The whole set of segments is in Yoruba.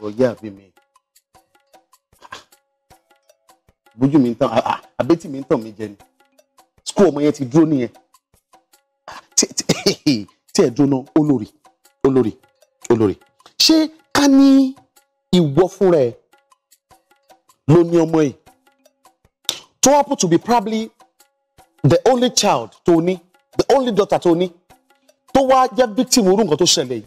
rọjẹ́ àfi mi bójú mi ń tàn àbẹ́tì mi ń tàn mí jẹ ni skul ọmọ yẹn ti dúró nìyẹn tí ẹ̀ dúró olórí olórí olórí ṣé ká ní ìwọ fúnra ẹ ló ní ọmọ yìí tó happen to be probably the only child tó ní the only daughter tó ní tó wá jẹ́ victim orú tó ṣẹlẹ̀ yìí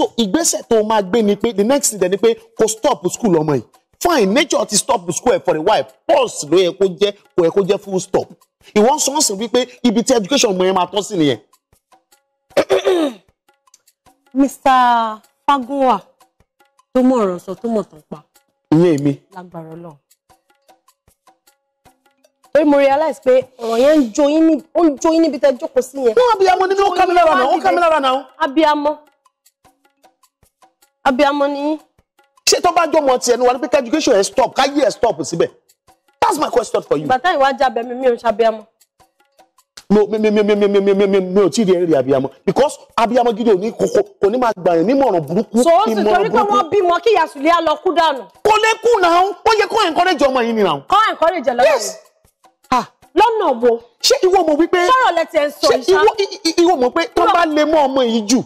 so ìgbésẹ̀ tó máa gbé ni pé the next thing dẹ̀ ni pé kò stop school ọmọ yìí fine nature ti stop school ẹ̀ for a while pause ló yẹ kó jẹ́ kó yẹ kó jẹ́ full stop ìwọ́n sọ́ọ̀sì wípé ibi tí education ọmọ yẹn máa tọ́ sí nìyẹn. Mr. Fagunwa tó mọ̀ ọ̀rọ̀ sọ tó mọ̀ tán pa. ìyẹn mi. lágbára Ọlọ́run torí mo realize pé ọ̀rọ̀ yẹn ń jó yín níbi tẹ́ jókòó sí yẹn. wọ́n abiyamọ ni mí ó kámi lára náà ó kámi lára náà. abiyamọ abiyamọ ni ṣé tó bá jọmọ tiẹ̀ ni wà ní education ẹ̀ stop káyé ẹ̀ stop síbẹ̀ that's my question for you. bàtà ìwájà bẹ̀mí mi ò ṣàbíyamọ no mi mi mi mi mi mi mi mi mi mi ò tí ì rí ẹ̀rí because abiyamọ gidi ò ni kókó kò ní máa gbàyàn nímọ̀ràn burúkú ìmọ̀ràn burúkú. sòwò sì torí pé wọ́n bímọ kí yasùlẹ̀ á lọ kú dànù. kò lè kú náà ó yẹ kó encourage ọmọ yìí nìyàwó. kọ́ encourage lọ́dọ̀ yìí. lọ́nà wo. ṣé ìwọ mọ̀ wípé. sọ̀rọ̀ lẹ ti ẹ̀ ń sọ ìṣá. ṣé ìwọ mọ̀ pé tó bá lè mọ ọmọ yìí jù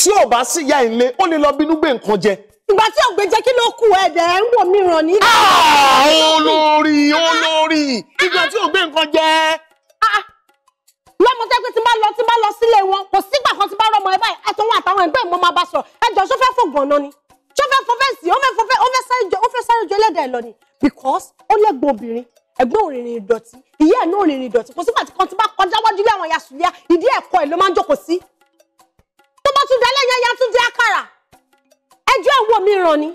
tí ò bá sí ya ilé ó lè lọ bínú gbé nǹkan jẹ. ìgbà tí ògbé jẹ kí ló kù ẹdẹ ń wò mí ràn ní. Ah, olórí olórí ìgbà tí ògbé nǹkan jẹ. Ah, ah. lọ́mọ tẹ́ pé tí bá lọ tí bá lọ sílé wọn kò sígbà kan tí bá rọmọ ẹ báyìí àtọwọn àtàwọn ẹgbẹ́ ìmọ̀ máa bá sọ ẹjọ́ sọ fẹ́ fògbọ̀n náà ni sọ fẹ́ fọ fẹ́ǹsì ó fẹ́ fọ ó fẹ́ sáré jọ ẹlẹ́dàá ẹ̀ lọ ni because ó lẹ́gbọ̀n obìnrin ẹ̀gbọ́n òrìrìn ìdọ̀tí ìyá ẹ̀ náà òrìrìn ìdọ̀tí kò sígbà tí kan ti bá kọjá wájú ilé àwọn yasùlíà ìdí ẹ̀kọ́ ẹ̀ ló máa ń jókòó sí Yàtúndé lẹ́yìn Yàtúndé àkàrà ẹjọ́ ìwò mi ràn ni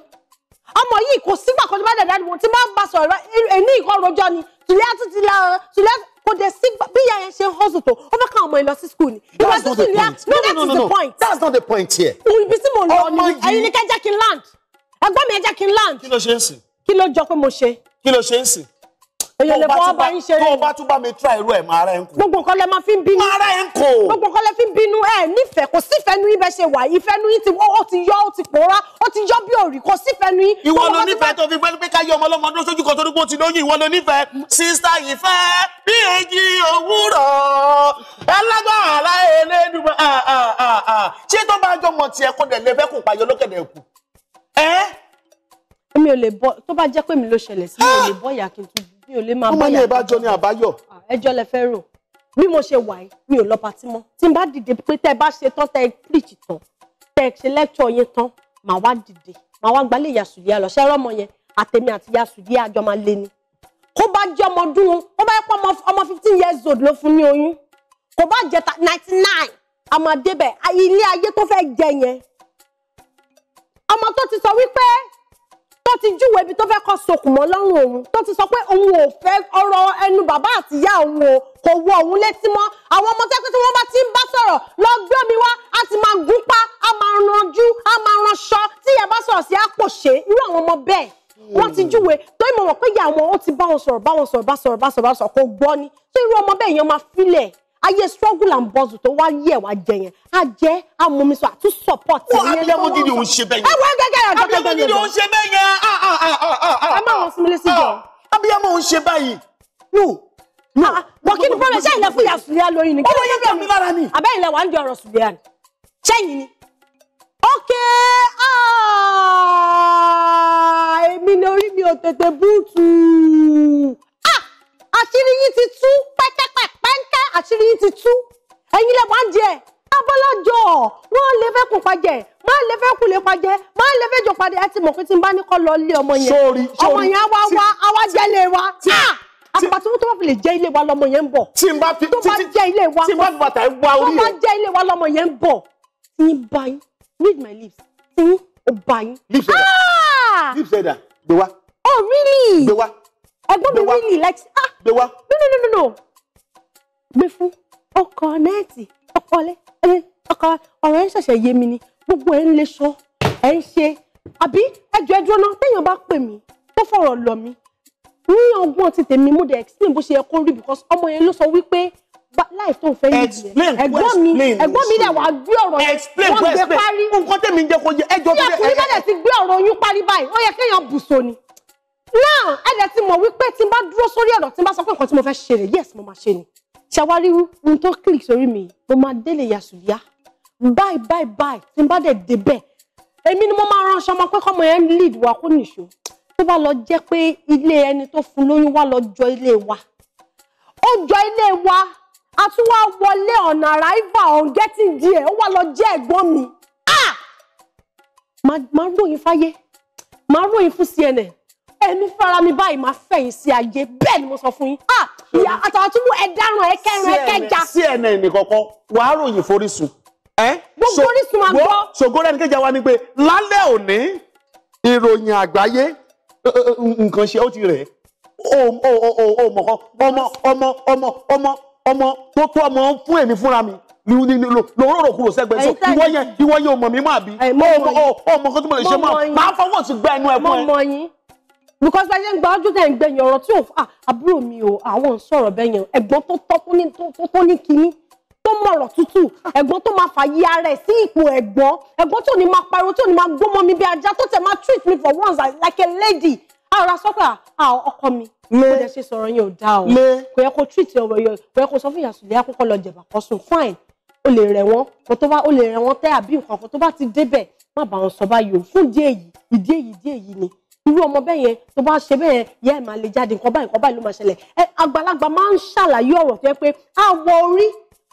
ọmọ yìí kò sígbà kan tó bá dẹ̀ dáàdì wọn tí máa ń bá sọ̀rọ̀ ẹni ìkọ́ rojọ́ ni tùlẹ́ àtúntì la tùlẹ́ kò dé sígbà bí ìyá yẹn ṣe ń hustle tó ó fẹ́ ká ọmọ yìí lọ sí school ni. that's not the point that's not the point here. ibi tí mo lọ ni ẹ̀yin ni kẹ́ jẹ́ kí n land ẹgbọ́n mi ẹ kí n land. kí ló ṣe ń sìn. kí ló jọ pé mo ṣe. kí ló ṣe ń sìn èyàn lè fọwọ́ bá yín ṣeré. tó o bá tún bá mi tra irú ẹ̀ máa rẹ̀ ń kù. gbogbo nǹkan lẹ máa fi ń bínú. máa rẹ̀ ń kù. gbogbo nǹkan lẹ fi ń bínú ẹ nífẹ̀ẹ́ kò sí fẹ́nu yín bẹ́ ṣe wà ìfẹ́nu yín ti ó ti yọ ó ti pòórá ó ti yọ bí òrì kò sí fẹ́nu yín. ìwọ ló nífẹ̀ẹ́ tó fi fẹ́ pé ká yọ ọmọ ọlọ́mọ lóṣooṣù kan torí pé ó ti lóyún ìwọ ló nífẹ̀ẹ́ sísá ìfẹ́ bí èjì òwúrọ̀ alágbára ẹlẹ́dùnmọ́ ṣé tó bá jọ mọ̀ tiẹ̀ kó dẹ̀ lẹ́fẹ́ kò pàyọ́ lókèdè kù èmi ò lè bọ tó bá jẹ́ pé mi ló ṣẹlẹ̀ sí mi ò lè bọ ìyá kí n tún b mi ò lè máa báyà. ọmọ ní ìbájọ ni àbáyọ. Ah, ẹjọ́ lẹ fẹ́ rò bí mo ṣe wà yìí mi ò lọ patí mọ́ tí n bá dìde pé tẹ́ bá ṣe tán tẹ́ ẹ preach tán tẹ́ ẹ ṣe lecture yẹn tán màá wá dìde màá wá gbálẹ̀ yasùdíà lọ ṣẹ́rọ́ ọmọ yẹn àtẹ̀mí àti yasùdíà àjọ máa lé ni kó bá jẹ́ ọmọ ọdún kó bá jẹ́ pé ọmọ fifteen years old ló fún ní oyún kó bá jẹ́ ninety nine àmọ́ débẹ̀ ilé ayé tó fẹ́ jẹ yẹn ọmọ tó ti sọ wípé ti júwèé ibi tó fẹ́ kọ́ sokùn mọ́ lọ́rùn òun tó ti sọ pé òun ò fẹ́ ọ̀rọ̀ ẹnu bàbá àti ìyá òun o kò wọ òun létí mọ́ àwọn ọmọ tẹ́pẹ́ tí wọ́n bá ti ń bá sọ̀rọ̀ lọ gbé omi wá a ti máa gún pa a máa ranjú a máa ranṣọ tí ìyá bá sọ̀rọ̀ sí àpòṣe irú àwọn ọmọ bẹ́ẹ̀ wọ́n ti júwe tó ìmọ̀ pé ìyá àwọn ó ti bá wọn sọ̀rọ̀ bá wọn sọ̀rọ̀ bá sọ̀rọ̀ bá sọ̀rọ̀ kò gbọ́ ni tó irú ọmọ bẹ́ẹ̀ yẹn máa filẹ̀ ayé struggle and bustle tó wá yẹ̀ wá jẹ yẹn a jẹ́ a mú mi sọ àtún support. wọ́n abiyamọ gidi òun ṣe bẹ́ẹ̀ yẹn. ẹ wọ gẹ́gẹ́ yẹn gẹ́gẹ́ yẹn abiyamọ gidi òun ṣe bẹ́ẹ̀ yẹn. Ah, ah, ah, ẹ má wọn sinmi lẹ́sìn jọ. abiyamọ òun ṣe báyìí. no no wọ́n kí ni bọ́lá ṣẹ́yìn lẹ fún ìyá sùlẹ́yà lórí ni. ọwọ́ yẹn bí àmì lára mi. àbẹ́yìn lẹ wà ń di ọ̀rọ̀ sùlẹ́yà ni. ṣẹ́yìn ni. ok èmi ni orí mi ò tètè búùtù. mọ̀ pé tí n bá ní kọ́ lọ ilé ọmọ yẹn ọmọ yẹn á wá wá á wá jẹ́ ilé wa àpàtà tí wọ́n ah! fi lè jẹ́ ilé wa lọ́mọ yẹn ń bọ̀ tí n bá fi tó bá jẹ́ ilé wa tí n bá fi bàtà wá orí rẹ̀ tó bá jẹ́ ilé wa lọ́mọ yẹn ń bọ̀ tí n bá yín read my lips tí n ò bá yín. lips ẹ̀dà ah! lips ẹ̀dà gbé wá. oh really gbé wá ẹ̀gbọ́n mi really like ah gbé wá no no no no no gbé fún ọkọ nẹẹtì ọkọ ọlẹ ọkọ ọ̀rọ̀ ẹ ṣẹ̀ṣẹ̀ yé mi ni gbogbo ẹ ń lè sọ ẹ ń ṣe àbí ẹjọ́ ẹjọ́ náà téèyàn bá pè mí tó fọ̀rọ̀ lọ mí ní ọgbọ́n ti tèmi mú the explain bó ṣe yẹ kó rí because ọmọ yẹn ló sọ wípé life tó ń fẹ́ yìí ẹ̀gbọ́n mi ẹ̀gbọ́n mi dẹ̀ wá gbé ọ̀rọ̀ yẹn wọ́n gbé parí nǹkan tèmi ń jẹ́ kó jẹ ẹjọ́ tó yẹ. tí ọkùnrin bá dẹ̀ ti gbé ọ̀rọ̀ oyún parí báyìí ó yẹ kéèyàn bùsọ ni náà ẹ dẹ̀ ti mọ̀ wípé tí n bá dúró sórí ọ̀rọ̀ tí n bá sọ pé nǹkan tí mo fẹ́ ṣe rè yes mo máa ṣe ni ṣàwárí ohun tó click sórí mi mo máa délé yasùn yá bye bye bye tí n bá dẹ̀ débẹ̀ èmi ni mo máa ránṣọ ọmọ pé kọ́mọ yẹn lead wa kó nìṣó tó bá lọ jẹ́ pé ilé ẹni tó fún lóyún wá lọ jọ ilé wa ó jọ ilé wa a tún wá wọlé on arrival on getting there ó wá lọ jẹ́ ẹ̀gbọ́n mi ah! máa ròyìn fáyé máa ròyìn fún CNN ẹnu fara mi báyìí máa fẹ̀yìn sí ayé bẹ́ẹ̀ ni mo sọ fún yín ah! ìyá àtàwọn tó mú ẹ dáràn ẹ kẹrin ẹ kẹja. CNN nìkọ̀kọ́ wàá ròyìn forísun Eh? gbogbo Orísun ma gbọ́. ṣògòrò ẹni kejì wa ni pé lálẹ́ òní ìròyìn àgbáyé nǹkan ṣe ó ti rẹ̀ ó mọ̀ kan ọmọ ọmọ ọmọ ọmọ ọmọ tó tó ọmọ fún èmi fúnra mi lòrórò kúrò sẹgbẹ so ìwọ yẹn ìwọ yẹn ọmọ mi máa bí ọmọ kan tó mọ lè ṣe máa máa fọwọ́ sí gbẹ ẹnu ẹ̀gbọ́n ẹ because bá ṣe ń gba ọjọ́ tẹ̀ ń gbẹ̀yìn ọ̀rọ̀ tí ò àbúrò mi ò àwọn ń sọ̀rọ̀ bẹ́yẹn ẹ̀gbọ́n tó tọ́ tó ní kinní mọ̀rọ̀ tútù ẹ̀gbọ́n tó máa fàyè ara ẹ̀ sí ipò ẹ̀gbọ́n ẹ̀gbọ́n tó ní máa pariwo tó ní máa gbọ́mọ mi bí ajá tó tẹ̀ máa treat me for once like a lady ara sọ́kà àwọn ah, ah, ọkọ mi mo dẹ̀ ṣe sọ̀rọ̀ yẹn ò dá o kò yẹ kó treat ọ̀rọ̀ yẹn kò yẹ kó sọ fún ìyàsùlẹ̀ akókò lọ jẹ̀bà kọ́ sùn fine o lè rẹ̀ wọ́n kò tó bá o lè rẹ̀ wọ́n tẹ́ àbí nǹkan kan tó bá ti débẹ̀ má bá wọn sọ báyìí o fún ìdí èyí ìdí èyí ìdí èyí ni irú ọmọ bẹ́ẹ̀ yẹn tó bá ṣe bẹ́ẹ̀ yẹ ẹ̀ máa lè jáde nǹkan báyìí nǹkan báyìí ló máa ṣẹlẹ̀ àgbàlagbà máa ń ṣàlàyé ọ̀rọ̀ tó yẹ pé àwọ̀ orí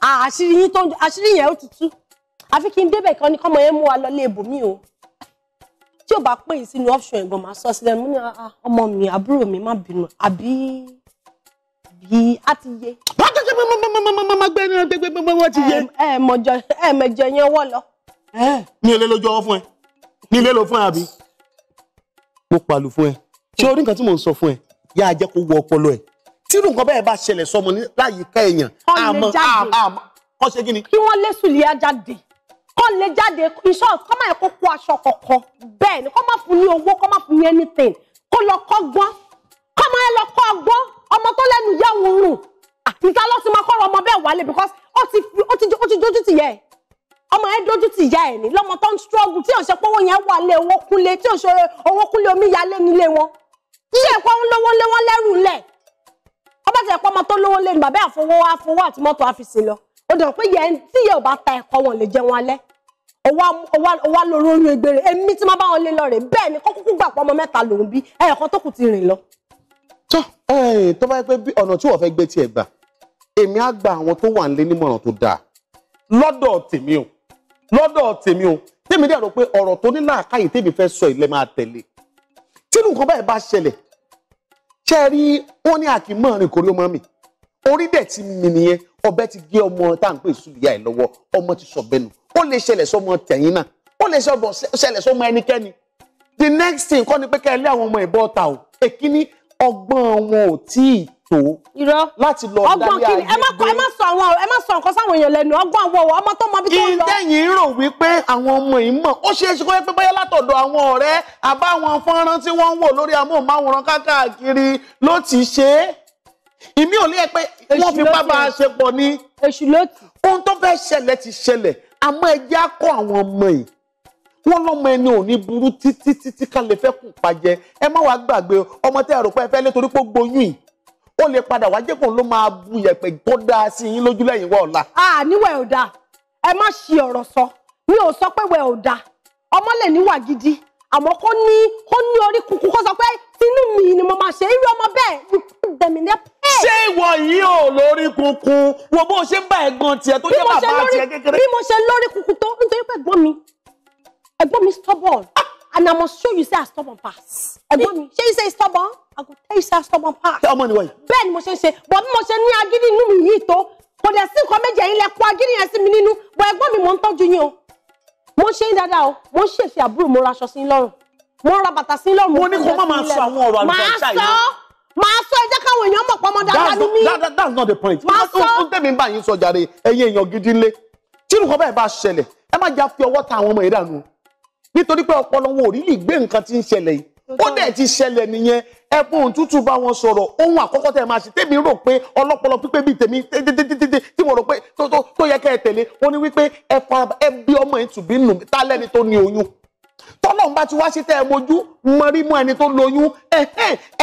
Ah, àṣírí yín tó àṣírí yẹn ó ti tú àfi kí n débẹ̀ kan ní kọ́mọ yẹn mú wa lọ lé ibòmí o tí ò bá pè yín sínú option ẹ̀gbọ́n máa sọ sílẹ̀ mú ní ah, ah, ọmọ mi àbúrò mi má bínú àbí àbí á ti yé. wọ́n ti yé. ẹ̀ẹ̀mọ̀jọ ẹ̀ẹ̀mẹ̀jọ yẹn wọ́ lọ. mi ò lè lójú ọwọ́ fún ẹ mi ò lè lò fún ẹ àbí. mo pàlù fún ẹ ṣé orí nǹkan tí mò ń sọ fún ẹ yáa jẹ́ kó wọ ọpọlọ ẹ̀ tírù nǹkan bẹ́ẹ̀ bá ṣẹlẹ̀ sọmọ ní láyìíká èèyàn àmọ́ àmọ́ kọ́ ṣe kí ni. kí wọ́n lé sùlíà jáde kọ́ lè jáde iṣẹ́ kọ́ máa kó kó aṣọ kọ̀ọ̀kan bẹ́ẹ̀ ni kọ́ máa fún ní owó kọ́ máa fún ní anything kó lọ kọ́ gbọ́n kọ́ máa lọ kọ́ gbọ́n ọmọ tó lẹ́nu yá òun rùn nìkan ló ti máa kọ́ ọmọ bẹ́ẹ̀ wálé because ó ti ó ti ó ti dójú tì yẹ ẹ̀ ọmọ yẹn dójú tì yá ẹ̀ ní lọ́mọ tó ń struggle tí òṣè pọ́wọ́ yẹn wà lé owó kúnlé tí òṣè owó kúnlé omi yá lé nílé wọn iye ìkọ́ ń lówó lé wọn lẹ́rù lẹ̀ ọba ti ẹ̀pọ̀ ọmọ tó lówó lé ní bàbá àfowó àfowó àti mọ́tò àfisìn lọ ó dẹ̀ pé yẹn tí yẹ ò bá ta ẹ̀kọ́ wọn lè jẹun alẹ́ òwa lóru oyún egbèrè èmi tí má bá wọn lé lọ rè bẹ́ẹ̀ ni kókó gbà pọ̀ ọmọ mẹ́ta lòún bí ẹ̀ẹ̀kan tó kù ti rìn lọ. tó tó bá yẹ pé ọ̀nà tí wọ́n fẹ́ gbé tiẹ̀ gbà èmi á gba àwọn tó wà nílé nímọ̀ràn tó dáa lọ́dọ̀ tèmi o lọ́dọ̀ tèmi o tèmi dẹ̀ rò pé ọ̀rọ̀ tó ní làákàyè tèmi fẹ́ sọ ilẹ̀ máa tẹ̀lé tínú nǹkan báyìí bá ṣẹlẹ̀ ṣe rí ó ní àkìmọ́rin kò rí ọmọ mi orí dẹ̀ ti mi nìyẹn ọbẹ̀ ti gé ọmọ tá à ń pè sùlùyà ẹ̀ lọ́wọ́ ọmọ ti sọ bẹ́nu ó lè ṣẹlẹ̀ sọmọ tẹ̀yìn náà ó lè ṣẹlẹ̀ sọmọ ẹnikẹ́ni the next thing kọ́ ni pé ká ẹ lé àwọn ọmọ ìbọn ta o èkíní ọgbọ́n wọn ò tíì tó láti lọ dálé ayé gbé. ẹ má sọ nǹkan sáwọn èèyàn lẹ́nu ọgbọ́n àwọn ọmọ tó mọ ibi tó ń lọ. ìdẹ́yìn rò wípé àwọn ọmọ yìí mọ̀ ó ṣeé ṣe kó pé bóyá látọ̀dọ̀ àwọn ọ̀rẹ́ àbáwọn fọ́nrán tí wọ́n ń wò lórí amóhùnmáwòrán káàkiri ló ti ṣe é ìmí ò ní ẹ pé wọ́n fi bá ṣe pọ̀ ni ohun tó fẹ́ ṣẹlẹ̀ ti ṣẹlẹ̀ àmọ́ ẹ jẹ́ kọ́ àwọn ọmọ yìí wọn lọmọ ẹni ò ní burú títí títí ká lè fẹ́ kù pàjẹ́ ẹ má wàá gbàgbé ọmọ tẹ́ ẹ ẹ fẹ́ lé torí pé ó gboyún yìí ó lè padà wá jẹ́pọ̀ ló máa bu yẹ̀pẹ̀ tó dáa sí yín lójú lẹ́yìn wọ́ ọ̀la. a níwẹ̀ ò dáa ẹ má ṣe ọ̀rọ̀ sọ mi ò sọ pé wẹ̀ ò dáa ọmọ lè níwà gidi àmọ́ kó ní kó ní orí kúkú kó sọ pé tinú mi ni mo máa ṣe irú ọmọ bẹ́ẹ̀ you put them in their place. ṣé ìwọ yìí ò lórí kunkun wo bó o ṣe ń bá ẹ̀gbọ́n tiẹ̀ tó jẹ́ bàbá tiẹ̀ kékeré. bí mo ṣe lórí kunkun tó nítorí pé ẹ̀gbọ́n mi ẹ̀gbọ́n mi stubborn ah! and I must show you say I stubborn pass ẹ̀gbọ́n mi ṣé you say stubborn. I go tell you say I stubborn pass. Tell nìwọ yìí. bẹ́ẹ̀ ni mo ṣe ń ṣe bọ̀ bí mo ṣe ní agídí inú mi yìí But kò dẹ̀ sí nǹkan méjì ẹ̀yin lẹ kó agídí yẹn ni mi But bọ̀ ẹ̀gbọ́n mi mò junior. tọ́jú yín o mo ṣe ń dáadáa o mo ń ṣèṣe àbúrò mo raṣọ sí lọ́rùn mo ra bàtà sí lọ́rùn. mo ní kó má máa sọ àwọn ọ̀rọ̀ àlùfáà yìí. máa sọ máa sọ ẹ jẹ́ káwọn èèyàn mọ̀ pọ́nmọ́ dáadáa ní mí. that's not, that's not the point. máa sọ fún tèmi bá yín sọ jàre ẹ̀yin èèyàn gidi ńlé tí nǹkan bẹ́ẹ̀ bá ṣẹlẹ̀ ẹ má jà fi ọwọ́ ta àwọn ọmọ ìdànù nítorí pé ọpọlọ wọn ò rí lè gbé nǹkan tí ó dẹ̀ ti ṣẹlẹ̀ nìyẹn ẹ̀bùn òtútù bá wọn sọ̀rọ̀ ohun àkọ́kọ́ tẹ̀ máa ṣe tèmi rò pé ọlọ́pọlọ pípé bíi tèmi tètè tí mo rò pé tó yẹ kẹ́ ẹ tẹ̀lé wọn ni wípé ẹ fara ẹ bí ọmọ ẹ tùbí nù tá lẹ́ni tó ní oyún tọ́lọ́run bá ti wá sí tẹ́ ẹ mojú mọrí mọ́ ẹni tó lóyún ẹ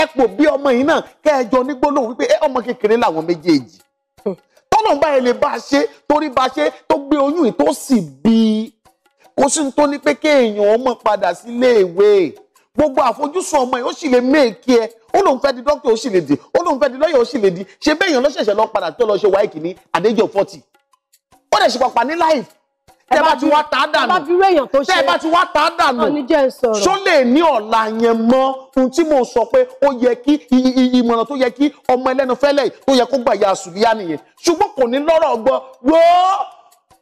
ẹ pò bí ọmọ yìí náà kẹ́ ẹ jọ ní gbólóhùn wípé ọmọ kékeré làwọn méjèèjì tọ́lọ́run bá ẹ lè bá a ṣe torí bá a ṣe tó gbé oyún yìí tó sì bí i kò sí tó ní pé kéèyàn ọmọ padà sílé ìwé gbogbo àfojúsùn ọmọ yìí ó sì lè méèkì ẹ ó lóun fẹ́ di dókítà ó sì lè di ó lóun fẹ́ di lọ́yà ó sì lè di ṣe bẹ́ẹ̀ yàn lọ́sẹ̀ṣẹ̀ lọ padà tó lọ ṣe wáìkì ní àdéjọ forty ó dẹ̀ ṣe ní life tẹ́ bá ti wá tá a dànù tẹ́ bá ti wá tá a dànù ṣó lè ní ọ̀la yẹn mọ́ ohun tí mo sọ pé ó yẹ kí ìmọ̀ràn tó yẹ kí ọmọ ẹlẹ́nu fẹ́lẹ̀ tó yẹ kó gbà ya àsùnbíyá nìyẹn ṣùgbọ́n kò ní lọ́rọ̀ gbọ́ wọ́ọ́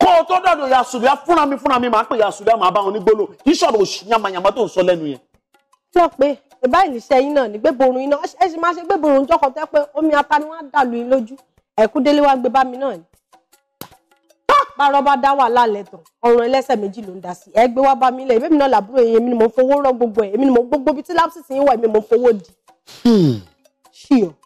kó o tó dọ̀dọ̀ ya àsùnbíyá fúnra mi fúnra mi máa ń pè ya àsùnbíyá máa bá wọn ní gbólóhùn kì í ṣọ̀rọ̀ òṣì yamayama tó ń sọ lẹ́nu yẹn lọ pé báyìí níṣẹ́ yín náà ní gbéborun yín náà ẹ sì máa ṣe gbéborun ń jọkọ̀ tẹ́ pé omi ata ni wọ́n á dàlú yín lójú ẹ̀kú délé wá gbé bá mi náà ni. bárọ̀ bá dá wà lálẹ́ tán ọ̀rùn ẹlẹ́sẹ̀ méjì ló ń dá sí ẹ gbé wá bá mi lẹ̀ èmi náà làbúrò yẹn èmi ni mo fowó rọ gbogbo ẹ̀ èmi ni mo gbogbo ibi tí lápsìsì yín wà èmi mo fowó di. Hmm. ṣíọ